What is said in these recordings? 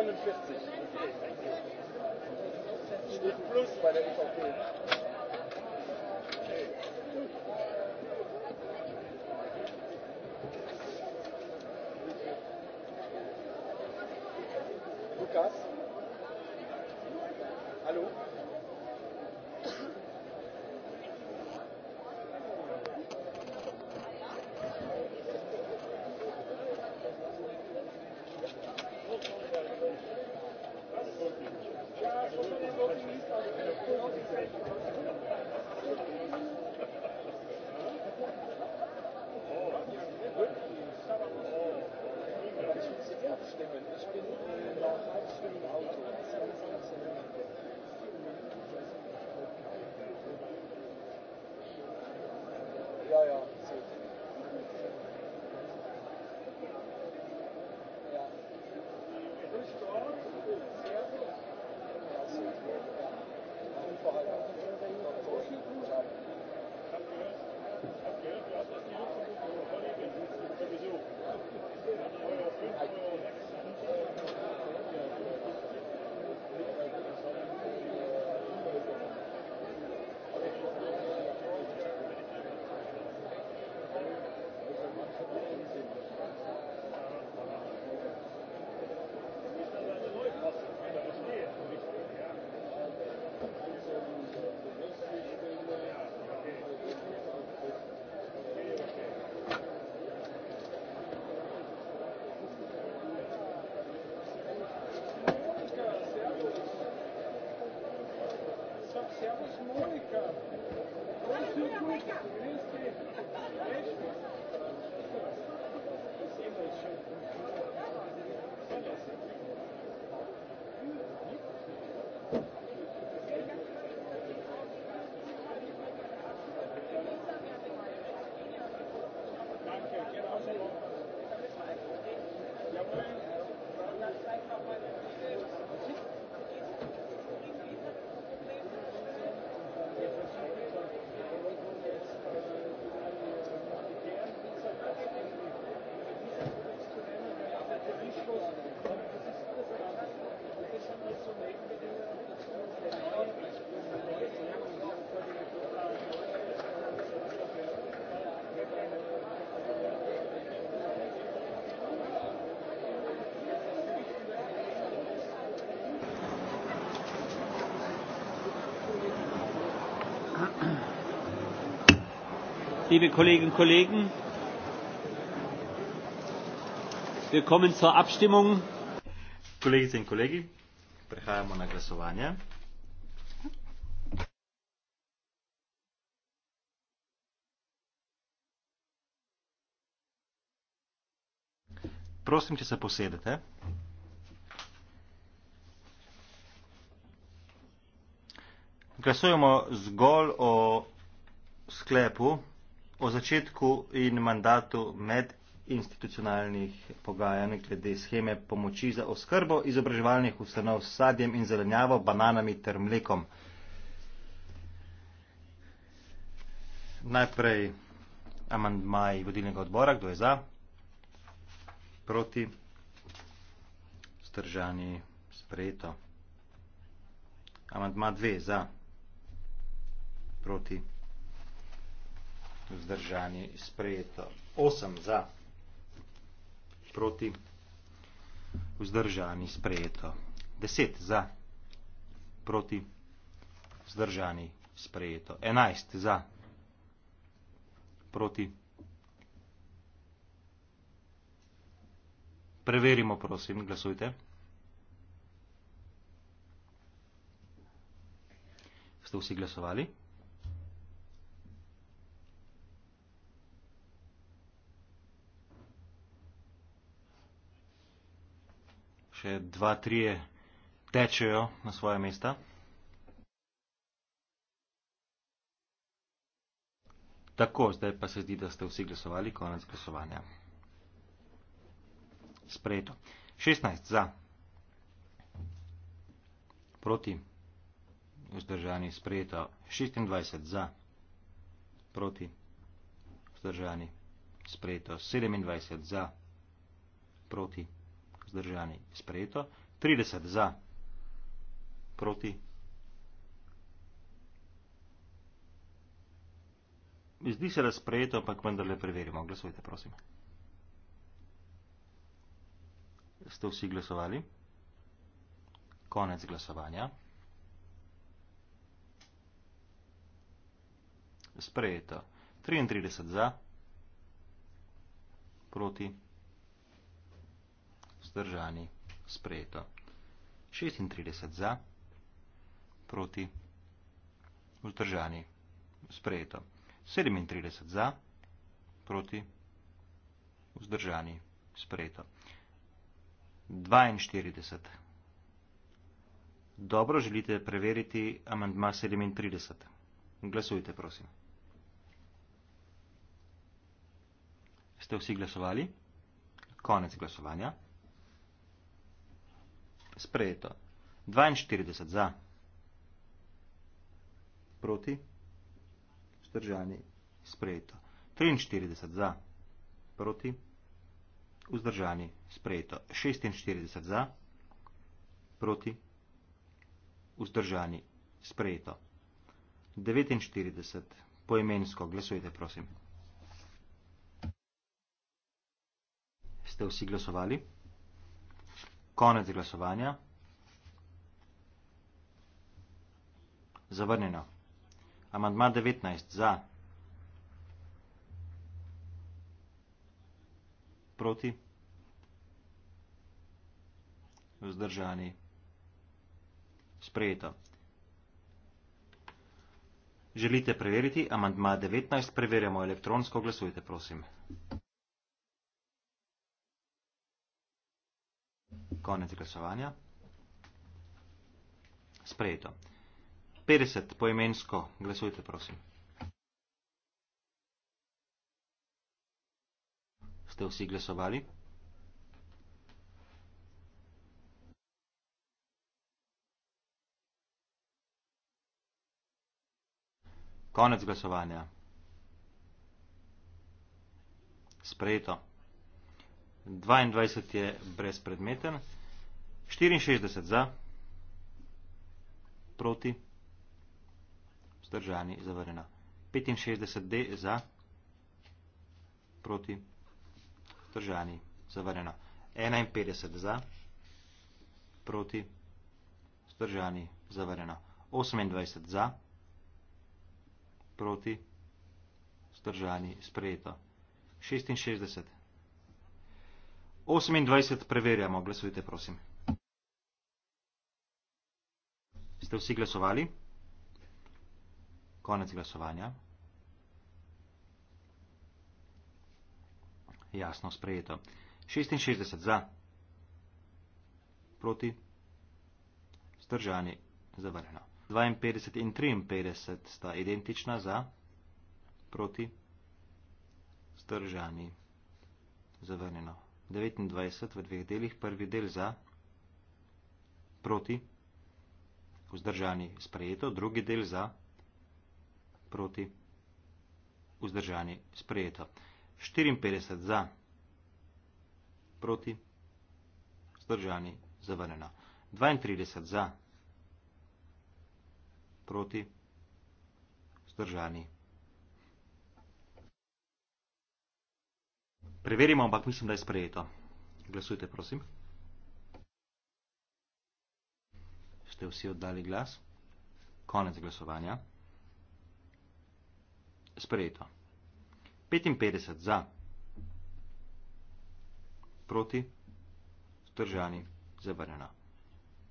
49. Steht plus bei der EVP. Lukas? Hallo? Yes, liebe Kolleginnen und Kollegen. Wir kommen zur Abstimmung. Kolleginnen und Kollegen, prehajamo na glasovanje. Prosim, če se posedete. Glasujemo zgolj o sklepu, o začetku in mandatu medinstitucionalnih pogajanj glede scheme pomoči za oskrbo izobraževalnih ustanov s sadjem in zelenjavo, bananami ter mlekom. Najprej amandmaj vodilnega odbora, kdo je za, proti, stržani, sprejeto. Amandma 2 za, proti vzdržanje sprejeto. 8 za, proti, vzdržanje sprejeto. 10 za, proti, vzdržanje sprejeto. 11 za, proti. Preverimo, prosim, glasujte. Ste vsi glasovali? še dva, tri tečejo na svoje mesta. Tako, zdaj pa se zdi, da ste vsi glasovali, konec glasovanja. Sprejeto. 16 za, proti, vzdržani, sprejeto. 26 za, proti, vzdržani, sprejeto. 27 za, proti, vzdržani vzdržani, sprejeto, 30 za, proti, zdi se da sprejeto, ampak vendarle preverimo, glasujte, prosim. Ste vsi glasovali? Konec glasovanja. Sprejeto. 33 za. Proti vzdržani. Sprejeto. 36 za, proti, vzdržani. Sprejeto. 37 za, proti, vzdržani. Sprejeto. 42. Dobro želite preveriti amandma 37. Glasujte, prosim. Ste vsi glasovali? Konec glasovanja sprejeto. 42 za. Proti. Vzdržani. Sprejeto. 43 za. Proti. Vzdržani. Sprejeto. 46 za. Proti. Vzdržani. Sprejeto. 49. Poimensko. Glesujte, prosim. Ste vsi glasovali? Konec glasovanja. Zavrnjeno. Amandma 19. Za. Proti. Vzdržani. Sprejeto. Želite preveriti amandma 19? Preverjamo elektronsko. Glasujte, prosim. Konec glasovanja. Sprejeto. 50 poimensko. Glasujte, prosim. Ste vsi glasovali? Konec glasovanja. Sprejeto. 22 je brezpredmeten. 64 za, proti, vzdržani, zavrjena. 65 D za, proti, vzdržani, zavrjena. 51 za, proti, vzdržani, zavrjena. 28 za, proti, vzdržani, sprejeto. 66. 28 preverjamo, glasujte prosim. ste vsi glasovali? Konec glasovanja. Jasno, sprejeto. 66 za, proti, zdržani, zavrnjeno. 52 in 53 sta identična za, proti, zdržani, zavrnjeno. 29 v dveh delih, prvi del za, proti, zdržani vzdržani sprejeto, drugi del za proti vzdržani sprejeto. 54 za proti vzdržani zavrnjeno. 32 za proti vzdržani. Preverimo, ampak mislim, da je sprejeto. Glasujte, prosim. ste vsi oddali glas. Konec glasovanja. Sprejeto. 55 za, proti, vzdržani, zavrnjeno.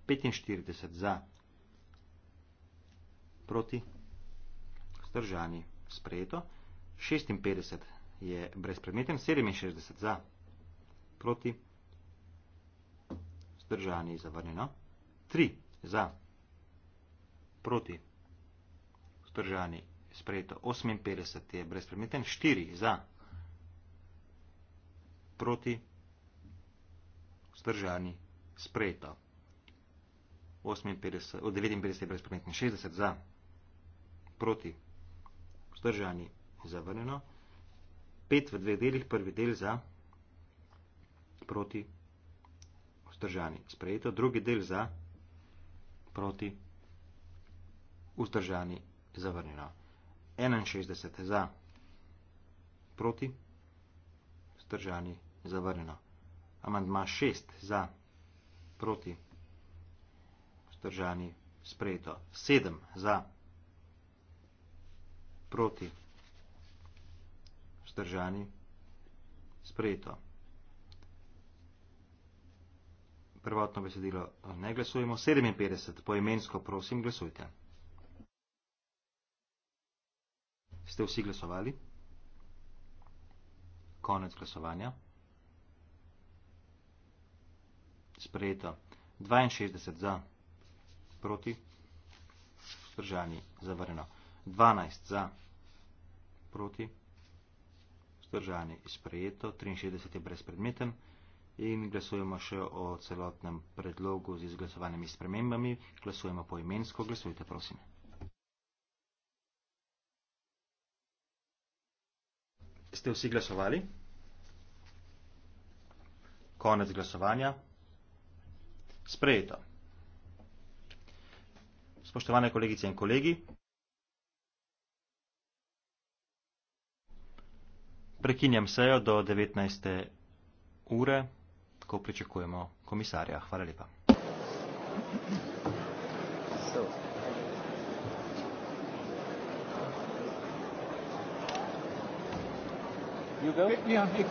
45 za, proti, vzdržani, sprejeto. 56 je brezpredmeten, 67 za, proti, vzdržani, zavrnjeno. 3 za, proti, vzdržani, sprejeto 58 je brezpredmeten, 4 za, proti, vzdržani, sprejeto 58, od 59 je brezpredmeten, 60 za, proti, vzdržani, zavrnjeno, 5 v dveh delih, prvi del za, proti, vzdržani, sprejeto, drugi del za, proti, proti, vzdržani zavrnjeno. 61 za, proti, vzdržani zavrnjeno. Amandma 6 za, proti, vzdržani sprejeto. 7 za, proti, vzdržani sprejeto. prvotno besedilo eh, ne glasujemo. 57. Poimensko prosim glasujte. Ste vsi glasovali? Konec glasovanja. Sprejeto. 62 za. Proti. Vzdržani. Zavrjeno. 12 za. Proti. Vzdržani. Sprejeto. 63 je brezpredmeten in glasujemo še o celotnem predlogu z izglasovanimi spremembami. Glasujemo po imensko, glasujte prosim. Ste vsi glasovali? Konec glasovanja. Sprejeto. Spoštovane kolegice in kolegi, prekinjam sejo do 19. ure ko pričakujemo komisarja. Hvala lepa. You go? Yeah. Ja, ja,